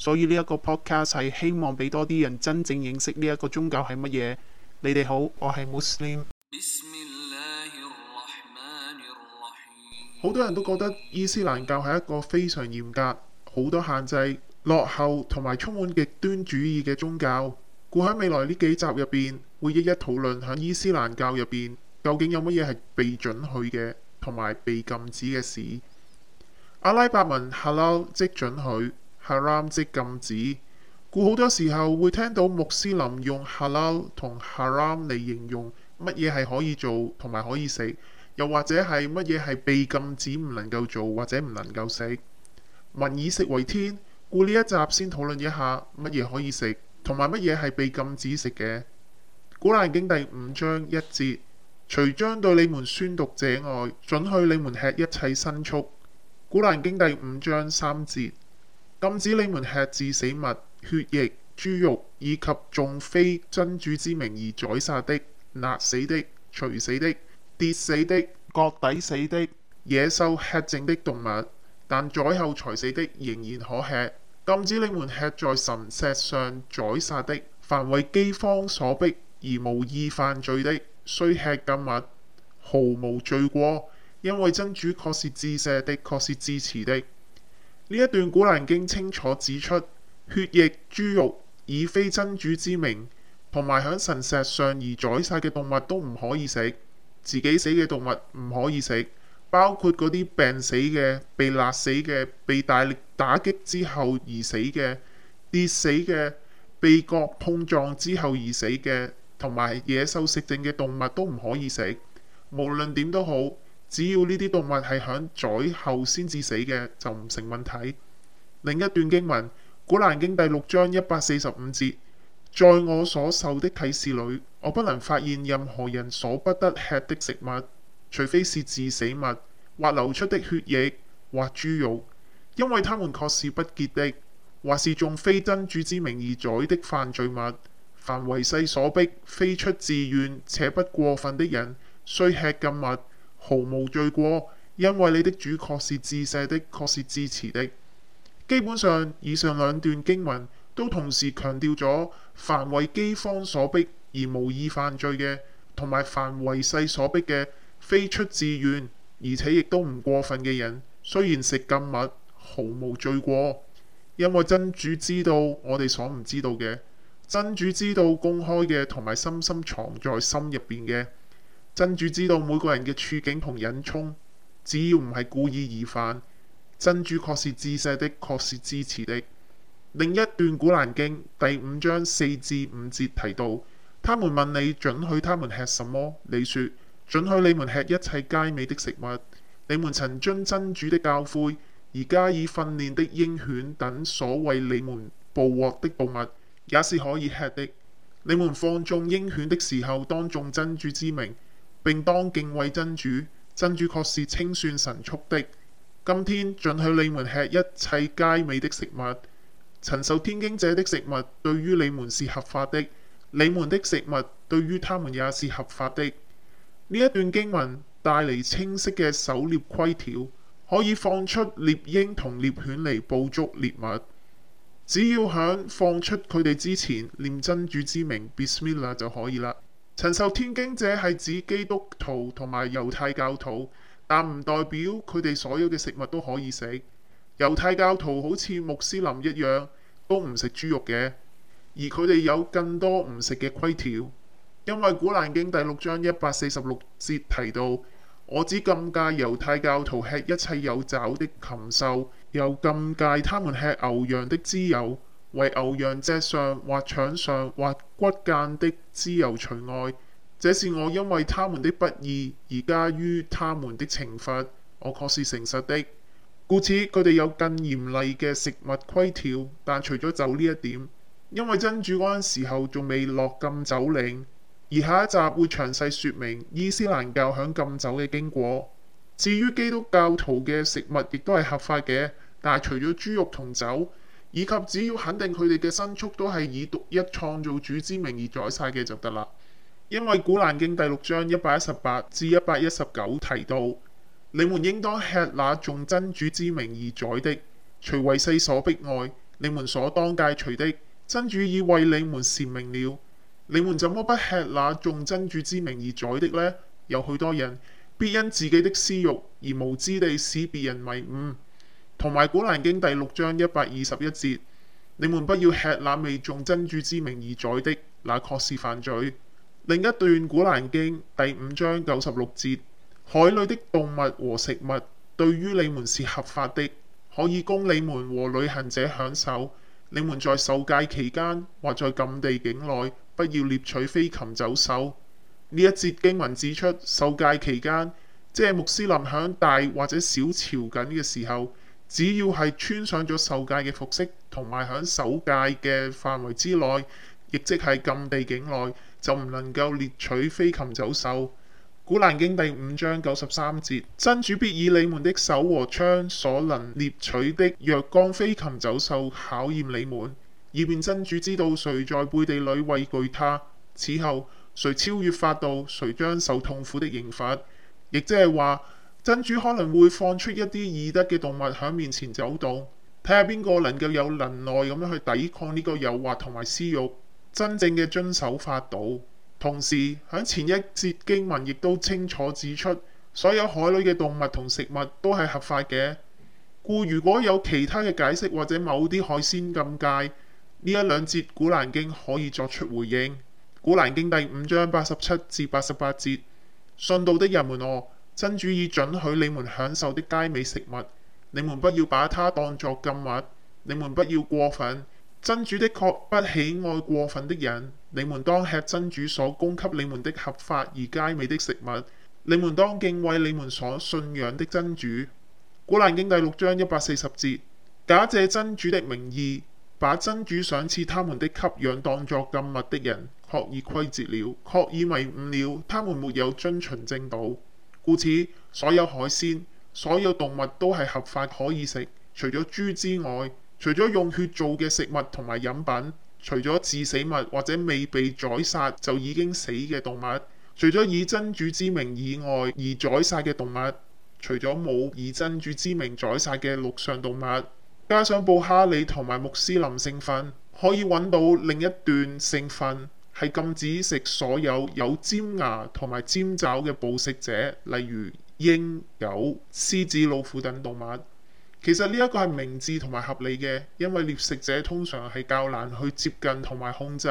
所以呢一個 podcast 係希望俾多啲人真正認識呢一個宗教係乜嘢。你哋好，我係 Muslim。好多人都覺得伊斯蘭教係一個非常嚴格、好多限制、落後同埋充滿極端主義嘅宗教。故喺未來呢幾集入邊，會一一討論喺伊斯蘭教入邊究竟有乜嘢係被准許嘅，同埋被禁止嘅事。阿拉伯文 Halal 即准許。Haram，即禁止，故好多時候會聽到穆斯林用 Halal 同 Haram 嚟形容乜嘢係可以做同埋可以食，又或者係乜嘢係被禁止唔能夠做或者唔能夠食。民以食為天，故呢一集先討論一下乜嘢可以食同埋乜嘢係被禁止食嘅。古蘭經第五章一節，除將對你們宣讀者外，准許你們吃一切牲畜。古蘭經第五章三節。禁止你們吃自死物、血液、豬肉以及誦非真主之名而宰殺的、勒死的、捶死的、跌死的、割底死的野獸吃剩的動物，但宰後才死的仍然可吃。禁止你們吃在神石上宰殺的，凡為饑荒所迫而無意犯罪的，雖吃禁物，毫無罪過，因為真主確是至赦的，確是至慈的。呢一段古蘭經清楚指出，血液、豬肉以非真主之名，同埋喺神石上而宰殺嘅動物都唔可以食，自己死嘅動物唔可以食，包括嗰啲病死嘅、被勒死嘅、被大力打擊之後而死嘅、跌死嘅、被角碰撞之後而死嘅，同埋野獸食剩嘅動物都唔可以食，無論點都好。只要呢啲動物係響宰後先至死嘅，就唔成問題。另一段經文《古蘭經》第六章一百四十五節，在我所受的啟示裏，我不能發現任何人所不得吃的食物，除非是致死物或流出的血液或豬肉，因為他們確是不潔的，或是誦非真主之名而宰的犯罪物。凡為勢所迫，非出自願且不過分的人，雖吃禁物，毫無罪過，因為你的主確是至赦的，確是至慈的。基本上，以上兩段經文都同時強調咗，凡為饑荒所逼而無意犯罪嘅，同埋凡為勢所逼嘅，非出自願，而且亦都唔過分嘅人，雖然食禁物，毫無罪過，因為真主知道我哋所唔知道嘅，真主知道公開嘅同埋深深藏在心入邊嘅。真主知道每個人嘅處境同隱衷，只要唔係故意而犯，真主確是至赦的，確是至慈的。另一段古蘭經第五章四至五節提到，他們問你准許他們吃什麼，你說准許你們吃一切佳美的食物。你們曾將真主的教誨而加以訓練的鷹犬等，所謂你們捕獲的動物也是可以吃的。你們放縱鷹犬的時候，當眾真主之名。並當敬畏真主，真主確是清算神速的。今天准許你們吃一切佳美的食物，曾受天經者的食物對於你們是合法的，你們的食物對於他們也是合法的。呢一段經文帶嚟清晰嘅狩獵規條，可以放出獵鷹同獵犬嚟捕捉獵物，只要響放出佢哋之前念真主之名 Bismillah 就可以啦。陳受天經者係指基督徒同埋猶太教徒，但唔代表佢哋所有嘅食物都可以食。猶太教徒好似穆斯林一樣，都唔食豬肉嘅，而佢哋有更多唔食嘅規條。因為古蘭經第六章一百四十六節提到：我只禁戒猶太教徒吃一切有爪的禽獸，又禁戒他們吃牛羊的脂油。為牛羊脊上或腸上或骨間的脂油除外，這是我因為他們的不義而加於他們的懲罰，我確是誠實的。故此，佢哋有更嚴厲嘅食物規條，但除咗酒呢一點，因為真主嗰陣時候仲未落禁酒令。而下一集會詳細說明伊斯蘭教響禁酒嘅經過。至於基督教徒嘅食物亦都係合法嘅，但係除咗豬肉同酒。以及只要肯定佢哋嘅牲畜都係以獨一創造主之名而宰晒嘅就得啦，因為古蘭經第六章一百一十八至一百一十九提到： 你們應當吃那誦真主之名而宰的，除為勢所迫外，你們所當戒除的，真主已為你們闡明了。你們怎麼不吃那誦真主之名而宰的呢？有許多人必因自己的私欲而無知地使別人迷誤。同埋《古蘭經》第六章一百二十一節，你們不要吃那未誦真主之名而宰的，那確是犯罪。另一段《古蘭經》第五章九十六節，海裏的動物和食物對於你們是合法的，可以供你們和旅行者享受。你們在受戒期間或在禁地境內，不要獵取飛禽走獸。呢一節經文指出，受戒期間即係穆斯林響大或者小朝覲嘅時候。只要係穿上咗受戒嘅服飾，同埋喺受戒嘅範圍之內，亦即係禁地境內，就唔能夠獵取飛禽走獸。古蘭經第五章九十三節：真主必以你們的手和槍所能獵取的若干飛禽走獸考驗你們，以便真主知道誰在背地裏畏懼他。此後，誰超越法度，誰將受痛苦的刑罰。亦即係話。真主可能會放出一啲易得嘅動物喺面前走動，睇下邊個能夠有能耐咁樣去抵抗呢個誘惑同埋私欲，真正嘅遵守法度。同時喺前一節經文亦都清楚指出，所有海裡嘅動物同食物都係合法嘅。故如果有其他嘅解釋或者某啲海鮮禁戒，呢一兩節古蘭經可以作出回應。古蘭經第五章八十七至八十八節，信道的人們哦。真主已准許你們享受的佳美食物，你們不要把它當作禁物，你們不要過分。真主的確不喜愛過分的人。你們當吃真主所供給你們的合法而佳美的食物，你們當敬畏你們所信仰的真主。古蘭經第六章一百四十節：假借真主的名義把真主賞賜他們的給養當作禁物的人，確已虧折了，確已迷誤了。他們沒有遵循正道。故此，所有海鮮、所有動物都係合法可以食，除咗豬之外，除咗用血做嘅食物同埋飲品，除咗自死物或者未被宰殺就已經死嘅動物，除咗以真主之名以外而宰殺嘅動物，除咗冇以真主之名宰殺嘅陸上動物，加上布哈里同埋穆斯林聖訓，可以揾到另一段聖訓。係禁止食所有有尖牙同埋尖爪嘅捕食者，例如鷹、狗、獅子、老虎等動物。其實呢一個係明智同埋合理嘅，因為獵食者通常係較難去接近同埋控制，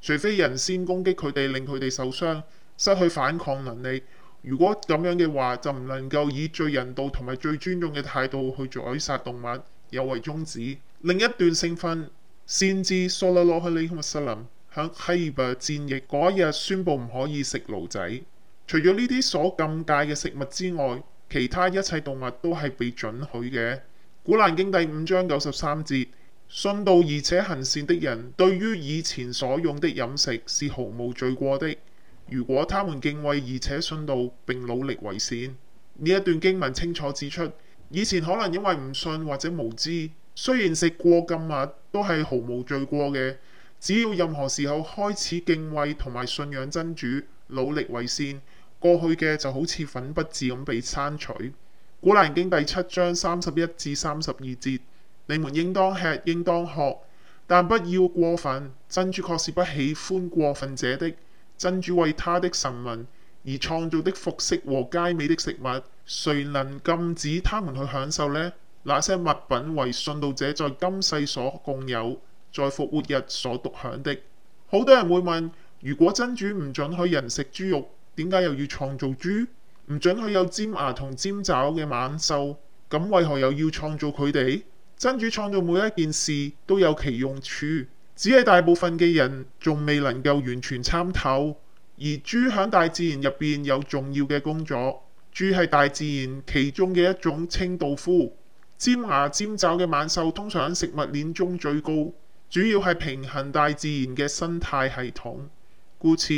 除非人先攻擊佢哋，令佢哋受傷、失去反抗能力。如果咁樣嘅話，就唔能夠以最人道同埋最尊重嘅態度去宰殺動物，有違宗旨。另一段聖訓先知蘇拉羅哈利穆薩林。喺希伯戰役嗰一日宣布唔可以食驢仔。除咗呢啲所禁戒嘅食物之外，其他一切動物都係被准許嘅。古蘭經第五章九十三節：信道而且行善的人，對於以前所用的飲食是毫無罪過的。如果他們敬畏而且信道，並努力為善，呢一段經文清楚指出，以前可能因為唔信或者無知，雖然食過禁物，都係毫無罪過嘅。只要任何時候開始敬畏同埋信仰真主，努力為善，過去嘅就好似粉筆字咁被刪除。古蘭經第七章三十一至三十二節：你們應當吃，應當喝，但不要過分。真主確是不喜歡過分者的。真主為他的臣民而創造的服飾和佳美的食物，誰能禁止他們去享受呢？那些物品為信道者在今世所共有。在復活日所獨享的，好多人會問：如果真主唔准許人食豬肉，點解又要創造豬？唔准許有尖牙同尖爪嘅猛獸，咁為何又要創造佢哋？真主創造每一件事都有其用處，只係大部分嘅人仲未能夠完全參透。而豬喺大自然入邊有重要嘅工作，豬係大自然其中嘅一種清道夫。尖牙尖爪嘅猛獸通常喺食物鏈中最高。主要係平衡大自然嘅生態系統，故此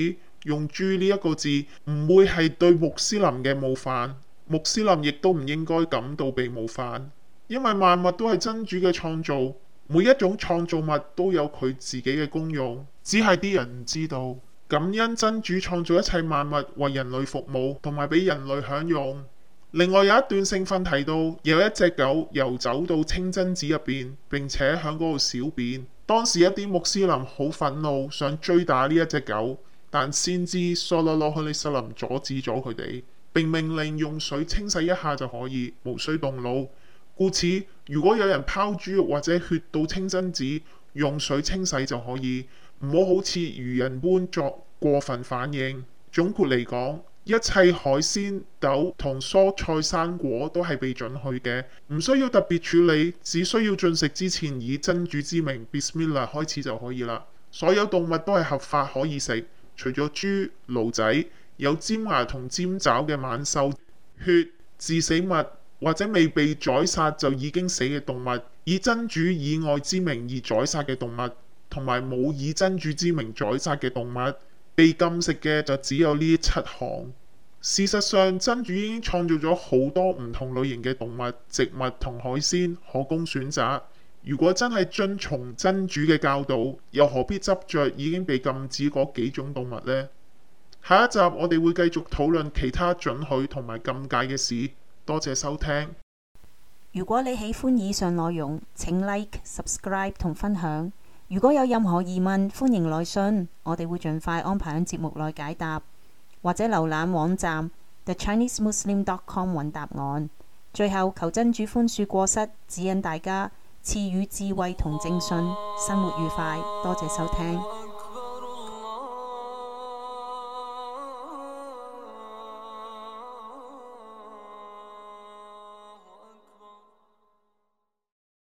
用豬呢一個字唔會係對穆斯林嘅冒犯，穆斯林亦都唔應該感到被冒犯，因為萬物都係真主嘅創造，每一種創造物都有佢自己嘅功用，只係啲人唔知道。感恩真主創造一切萬物為人類服務同埋俾人類享用。另外有一段聖訓提到，有一隻狗遊走到清真寺入邊，並且響嗰度小便。當時一啲穆斯林好憤怒，想追打呢一隻狗，但先知蘇勒羅去利沙林阻止咗佢哋，並命令用水清洗一下就可以，無需動腦。故此，如果有人拋豬肉或者血到清真寺，用水清洗就可以，唔好好似愚人般作過分反應。總括嚟講。一切海鮮、豆同蔬菜、生果都係被準許嘅，唔需要特別處理，只需要進食之前以真主之名 Bismillah 開始就可以啦。所有動物都係合法可以食，除咗豬、驢仔、有尖牙同尖爪嘅猛獸、血、致死物或者未被宰殺就已經死嘅動物，以真主以外之名而宰殺嘅動物，同埋冇以真主之名宰殺嘅動物。被禁食嘅就只有呢七項。事實上，真主已經創造咗好多唔同類型嘅動物、植物同海鮮可供選擇。如果真係遵從真主嘅教導，又何必執着已經被禁止嗰幾種動物呢？下一集我哋會繼續討論其他準許同埋禁戒嘅事。多謝收聽。如果你喜歡以上內容，請 Like、Subscribe 同分享。如果有任何疑問，歡迎來信，我哋會盡快安排喺節目內解答，或者瀏覽網站 TheChineseMuslim.com 揾答案。最後，求真主寬恕過失，指引大家，賜予智慧同正信，生活愉快。多謝收聽。